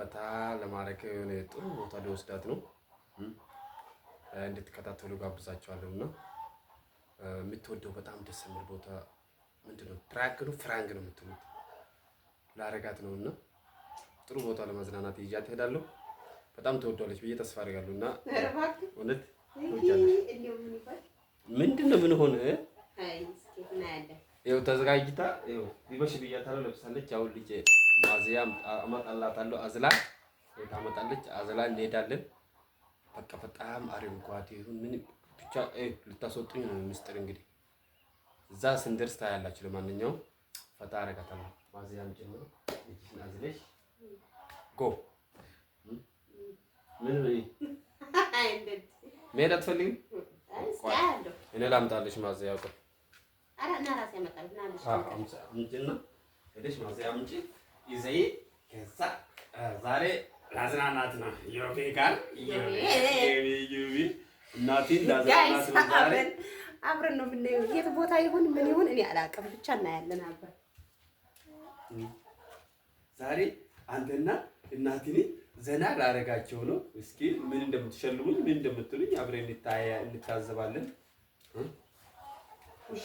ፈታ ለማድረግ የሆነ ጥሩ ቦታ ሊወስዳት ነው። እንድትከታተሉ ጋብዛቸዋለሁ እና የምትወደው በጣም ደስ የሚል ቦታ ምንድን ነው? ነው ፍራንግ ነው የምትሉት ላረጋት ነው እና ጥሩ ቦታ ለመዝናናት ይዣት እሄዳለሁ። በጣም ተወዷለች ብዬ ተስፋ አድርጋለሁ እና እውነት ምንድን ነው ምን ሆነ ይኸው ተዘጋጅታ ይኸው ቢመሽ ብያታለሁ። ለብሳለች። አሁን ልጄ ማዚያ አመጣላታለሁ። አዝላ ታመጣለች። አዝላ እንሄዳለን። በቃ በጣም አረንጓዴ ይሁን ምን ብቻ ልታስወጡኝ ነው ምስጢር። እንግዲህ እዛ ስንደርስ ታያላችሁ። ለማንኛውም ፈታ አረጋታለሁ። ማዚያም ጀምሮ ልጅሽን አዝለሽ ጎ ምን መሄድ አትፈልግም? እኔ ላምጣለሽ ማዚያ ያውቀው ሄደሽ ማዘያ አምጪ ይዘይ። ዛሬ ላዝናናት ነው ዮቤ ጋር እናቴን አብረን ነው የምናየው። የት ቦታ ይሁን ምን ይሁን እኔ አላውቅም፣ ብቻ እናያለን አብረን ዛሬ አንተና እናትኔ ዘና ላደርጋቸው ነው። እስኪ ምን እንደምትሸልሙኝ ምን እንደምትሉኝ አብረን እንታዘባለን። እሺ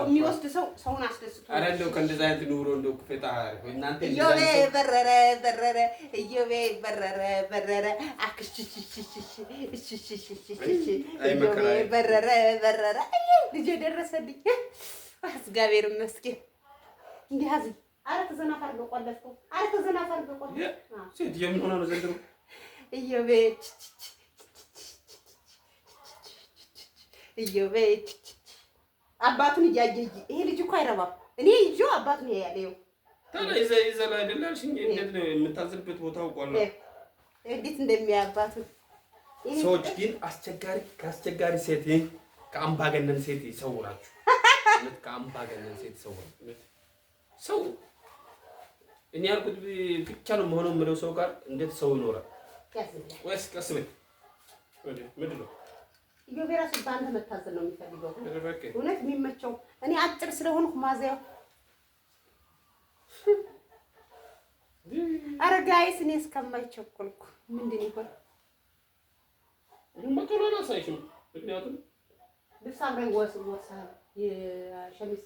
የሚወስድ ሰው ሰውን አስደስቶ እንደው ከእንደዚያ አይነት ኑሮ እንደው በረረ በረረ እዮቤ በረረ በረረ በረረ በረረ ልጅ የደረሰልኝ እግዚአብሔር ይመስገን። እንዲህ ሀዘን ኧረ ተዘናፈር ነው ቆለፍኩ። ኧረ ተዘናፈር ነው ቆለፍኩ። እዮቤ እዮቤ አባቱን እያየ ይሄ ልጅ እኮ አይረባም። እኔ ይዞ አባቱን ያያለ ይው ታዲያ ይዘ ይዘ ላይ አይደላልሽ እንዴ? እንዴት ነው የምታዝበት ቦታ አውቋል ነው እንዴት እንደሚያባቱ ሰዎች ግን አስቸጋሪ ከአስቸጋሪ ሴት ከአምባገነን ሴት ይሰውራችሁ። እውነት ከአምባገነን ሴት ይሰውራችሁ። ሰው እኔ ያልኩት ብቻ ነው መሆኑ የምለው ሰው ጋር እንዴት ሰው ይኖራል? ወይስ ቀስ በል ምንድን ነው ኢዮቤራ ሱ በአንተ መታዘል ነው የሚፈልገው። እውነት የሚመቸው እኔ አጭር ስለሆንኩ ማዘያው ኧረ ጋይስ እኔ እስከማይቸኮልኩ ምንድን ይሆን ምክንያቱም ልብስ አብረን ወስ ወሳል የሸሚዝ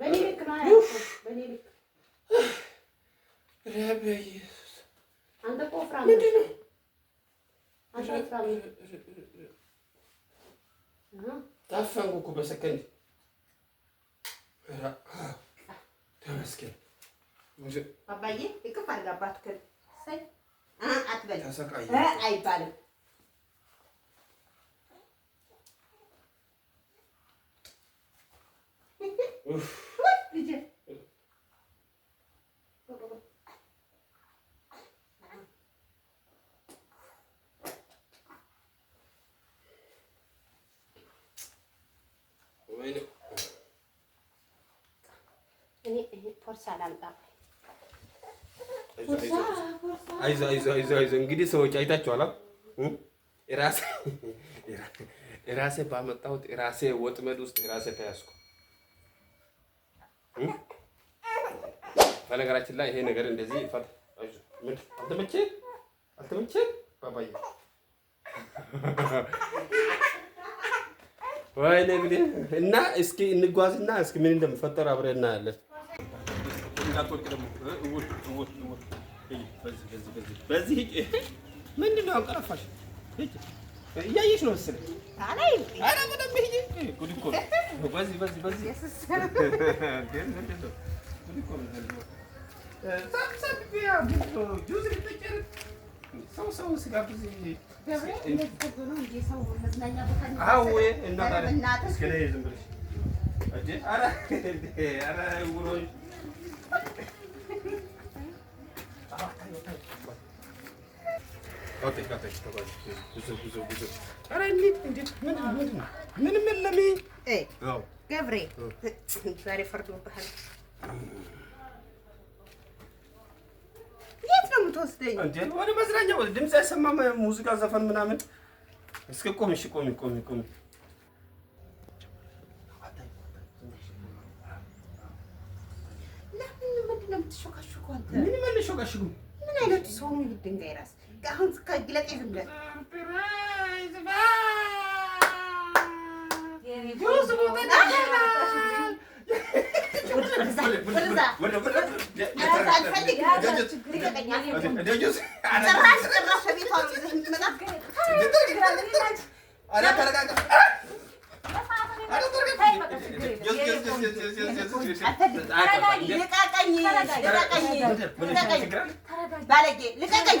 በኔ ልክ ነው። በኔ ልክ ታፈንኩ እኮ በሰከንድ ተመስገን። አባዬ እቅፍ አድርጋባት አይባልም። ቦርሳ ላምጣ። አይዞ አይዞ አይዞ አይዞ። እንግዲህ ሰዎች አይታችኋል። ራሴ ራሴ ባመጣሁት ራሴ ወጥመድ ውስጥ ራሴ ተያዝኩ። በነገራችን ላይ ይሄ ነገር እንደዚህ ፈት ምን ባባዬ እንግዲህ እና እስኪ እንጓዝና እስኪ ምን እንደሚፈጠር አብረን እናያለን። እንዳትወቅ ደግሞ በዚህ ምንድን ነው አንቀረፋሽ? እያየሽ ነው መሰለኝ። ሰው ሰው ስጋ ብዙ እና ምንም የለም። ገብሬ ዛሬ ፈርዶብሃል። የት ነው የምትወስደኝ? ወደ መዝናኛ። ድምፅ አይሰማም፣ ሙዚቃ፣ ዘፈን ምናምን። እስኪ ቆሚ፣ እሺ፣ ቆሚ፣ ቆሚ፣ ቆሚ ምን አይነቱ ሰው ነው? ድንጋይ ራስ አሁን ከግለጤ ዝም ብለን ባለጌ ልቀቀኝ።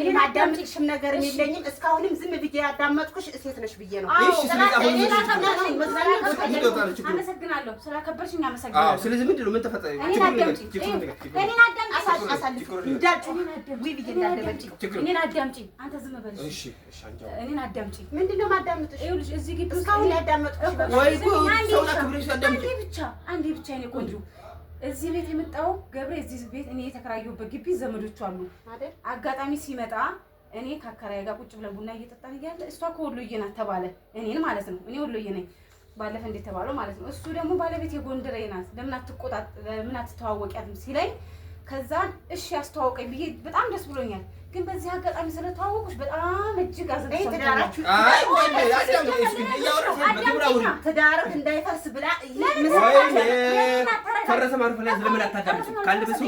እኔ ማዳምጥሽም ነገር የለኝም። እስካሁንም ዝም ብዬ ያዳመጥኩሽ ሴት ነሽ ብዬ ነው። አመሰግናለሁ ስላከበርሽኝ። አመሰግናለሁ። ስለዚህ ምንድን ነው ምን ተፈጠረ? እኔን አዳምጪኝ። አንተ ዝም በል እኔን አዳምጪኝ። ምንድን ነው የማዳምጥሽ? ይኸውልሽ እዚህ ግድ እስካሁን ያዳመጥኩሽ ወይ ብቻ አንዴ ብቻ የእኔ ቆንጆ እዚህ ቤት የመጣው ገብሬ እዚህ ቤት እኔ የተከራየሁበት ግቢ ዘመዶቹ አሉ። አጋጣሚ ሲመጣ እኔ ከአከራዬ ጋር ቁጭ ብለን ቡና እየጠጣን እያለ እሷ ከወሎዬ ናት ተባለ። እኔን ማለት ነው። እኔ ወሎዬ ነኝ ባለፈ እንዴት ተባለው ማለት ነው። እሱ ደግሞ ባለቤት የጎንደሬ ናት፣ ለምን አትቆጣ ለምን አትተዋወቂያትም ሲለኝ ከዛን እሺ ያስተዋውቀኝ ብዬ በጣም ደስ ብሎኛል። ግን በዚህ አጋጣሚ ስለተዋወቁሽ በጣም እጅግ ትዳርህ እንዳይፈርስ ብላ ፈረሰ ማለት ነው። ለምን አታዳምጪም? ከአንድ በሰው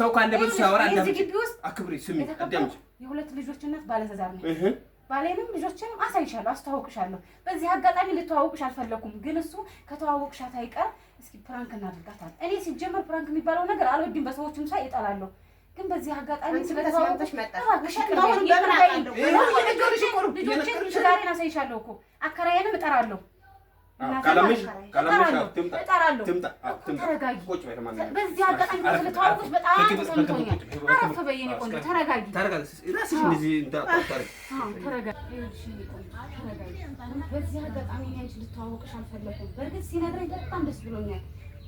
ሰው ከአንድ በሰው ሲያወራ አዳምጪ፣ አክብሪ፣ ስሚ፣ አዳምጪ። የሁለት ልጆች እናት ባለትዳር ነው ባሌንም ልጆችንም አሳይሻለሁ፣ አስተዋውቅሻለሁ። በዚህ አጋጣሚ ልተዋውቅሽ አልፈለኩም፣ ግን እሱ ከተዋወቅሻት አይቀር እስኪ ፕራንክ እናደርጋታል። እኔ ሲጀመር ፕራንክ የሚባለው ነገር አልወድም፣ በሰዎችም ሳይ እጠላለሁ። ግን በዚህ አጋጣሚ ልጆችን ዛሬን አሳይሻለሁ እኮ አከራዬንም እጠራለሁ። ቀለምሽ በዚህ አጋጣሚ ስለተዋወቅሽ በጣም ተሰምቶኛል። ልተዋወቅሽ አልፈለኩም። በእርግጥ ሲነግረኝ በጣም ደስ ብሎኛል።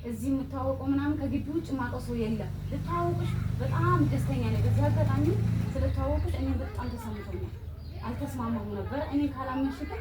እዚህ የምታወቀው ምናምን ከግቢ ውጭ የማውቀው ሰው የለም። ልተዋወቅሽ በጣም ደስተኛ ነኝ። በዚህ አጋጣሚ ስለተዋወቅሽ እኔ በጣም ተሰምቶኛል። አልተስማማሁም ነበር እኔ ካላመንሽ ግን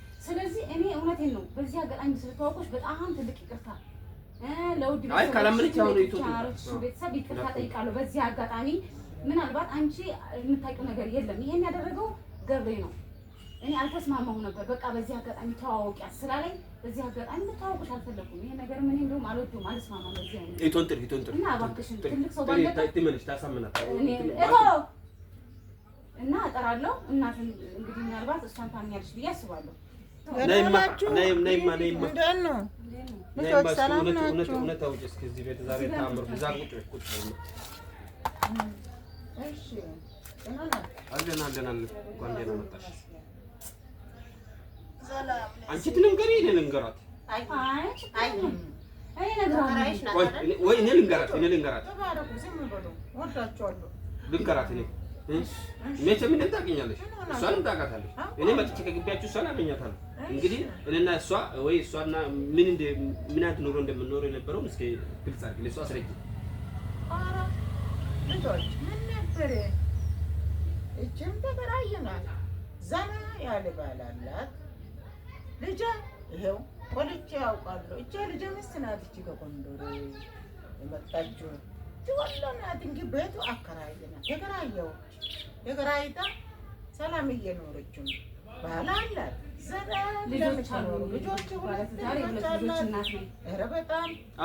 ስለዚህ እኔ እውነቴን ነው። በዚህ አጋጣሚ ስለተዋወቅሽ በጣም ትልቅ ይቅርታ ለውድ ቤተሰብ ይቅርታ ጠይቃለሁ። በዚህ አጋጣሚ ምናልባት አንቺ የምታውቂው ነገር የለም። ይሄን ያደረገው ገብሬ ነው። እኔ አልተስማማሁ ነበር። በቃ በዚህ አጋጣሚ ስላለኝ በዚህ አጋጣሚ አልፈለኩም። ይሄ ነገር ምን እንደውም አልወደውም፣ አልስማማም። በዚህ እና እባክሽን ትልቅ ሰው እና እጠራለሁ እናትን እንግዲህ ምናልባት እሷን ታምኛለሽ ብዬ አስባለሁ። አንቺ ትልንገሪ እኔ ልንገራት ወይ እኔ ልንገራት እኔ ልንገራት ልንገራት እኔ መቼም ምንም ታገኛለሽ፣ እሷንም ታውቃታለሽ። እኔ መጥቼ ከግቢያችሁ እሷን አገኛታለሁ። እንግዲህ እኔና እሷ ወይ እሷና ምን ምን አይነት ኑሮ እንደምንኖረው የነበረውን እስኪ ግልጽ አድርጊ፣ ለእሷ አስረጊ። እችም ተከራይናል። ዘና ያለ ባል አላት። ልጄ ይኸው ወልጄ ያውቃለሁ። እቼ ልጄ ምስት ናት። እቺ ከኮንዶሮ የመጣችው ወሎ ናት ቤቱ አከራየናት። የተከራየው ተከራይታ ሰላም እየኖረች ነው። ባል አላት፣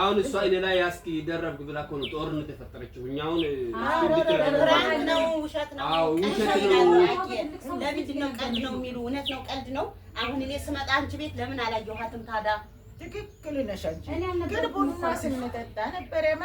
አሁን እሷ እኔ ላይ ያስኪ ደረብክ ብላ ነው ጦርነት የፈጠረችው። እኛ አሁን ውሸት ነው ቀልድ ነው የሚሉ? እውነት ነው ቀልድ ነው። አሁን እኔ ስመጣ አንቺ ቤት ለምን አላየኋትም ታዲያ? ትክክል ነሽ ግን ቡና ስንጠጣ ነበረማ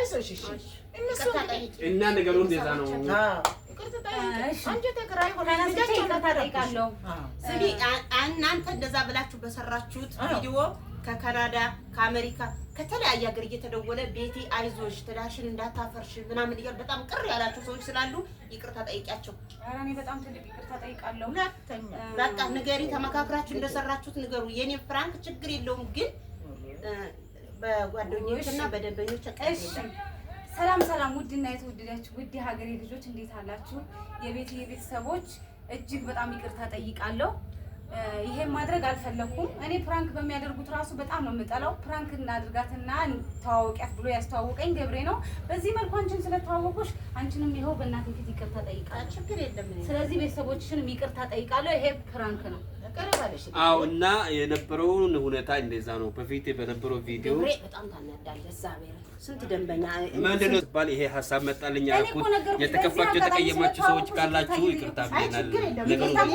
አይዞሽ፣ እሺ። እነሱ እና ነገሩ እንደዛ ነው። እናንተ እንደዛ ብላችሁ በሰራችሁት ቪዲዮ ከካናዳ ከአሜሪካ ከተለያየ ሀገር እየተደወለ ቤቴ አይዞሽ ትዳሽን እንዳታፈርሽ ምናምን እያሉ በጣም ቅር ያላቸው ሰዎች ስላሉ ይቅርታ ጠይቂያቸው። በቃ ንገሪ፣ ተመካክራችሁ እንደሰራችሁት ንገሩ። የኔ ፍራንክ ችግር የለውም ግን በጓደኞች እና በደንበኞች ሰላም ሰላም። ውድና የተወደዳችሁ ውድ የሀገሬ ልጆች እንዴት አላችሁ? የቤት የቤተሰቦች እጅግ በጣም ይቅርታ ጠይቃለሁ። ይሄን ማድረግ አልፈለኩም። እኔ ፕራንክ በሚያደርጉት ራሱ በጣም ነው የምጠላው። ፕራንክ እናድርጋትና ተዋወቂያት ብሎ ያስተዋወቀኝ ገብሬ ነው። በዚህ መልኩ አንቺን ስለተዋወቁሽ አንቺንም ይኸው በእናቴ ፊት ይቅርታ ጠይቃለሁ። ስለዚህ ቤተሰቦችሽንም ይቅርታ ጠይቃለሁ። ይሄ ፕራንክ ነው። አዎ እና የነበረውን ሁኔታ እንደዛ ነው። በፊት በነበረው ቪዲዮ ምንድን ነው ይሄ ሀሳብ መጣልኝ ያልኩት። የተከፋችሁ የተቀየማችሁ ሰዎች ካላችሁ ይቅርታ ብናል ነገሩ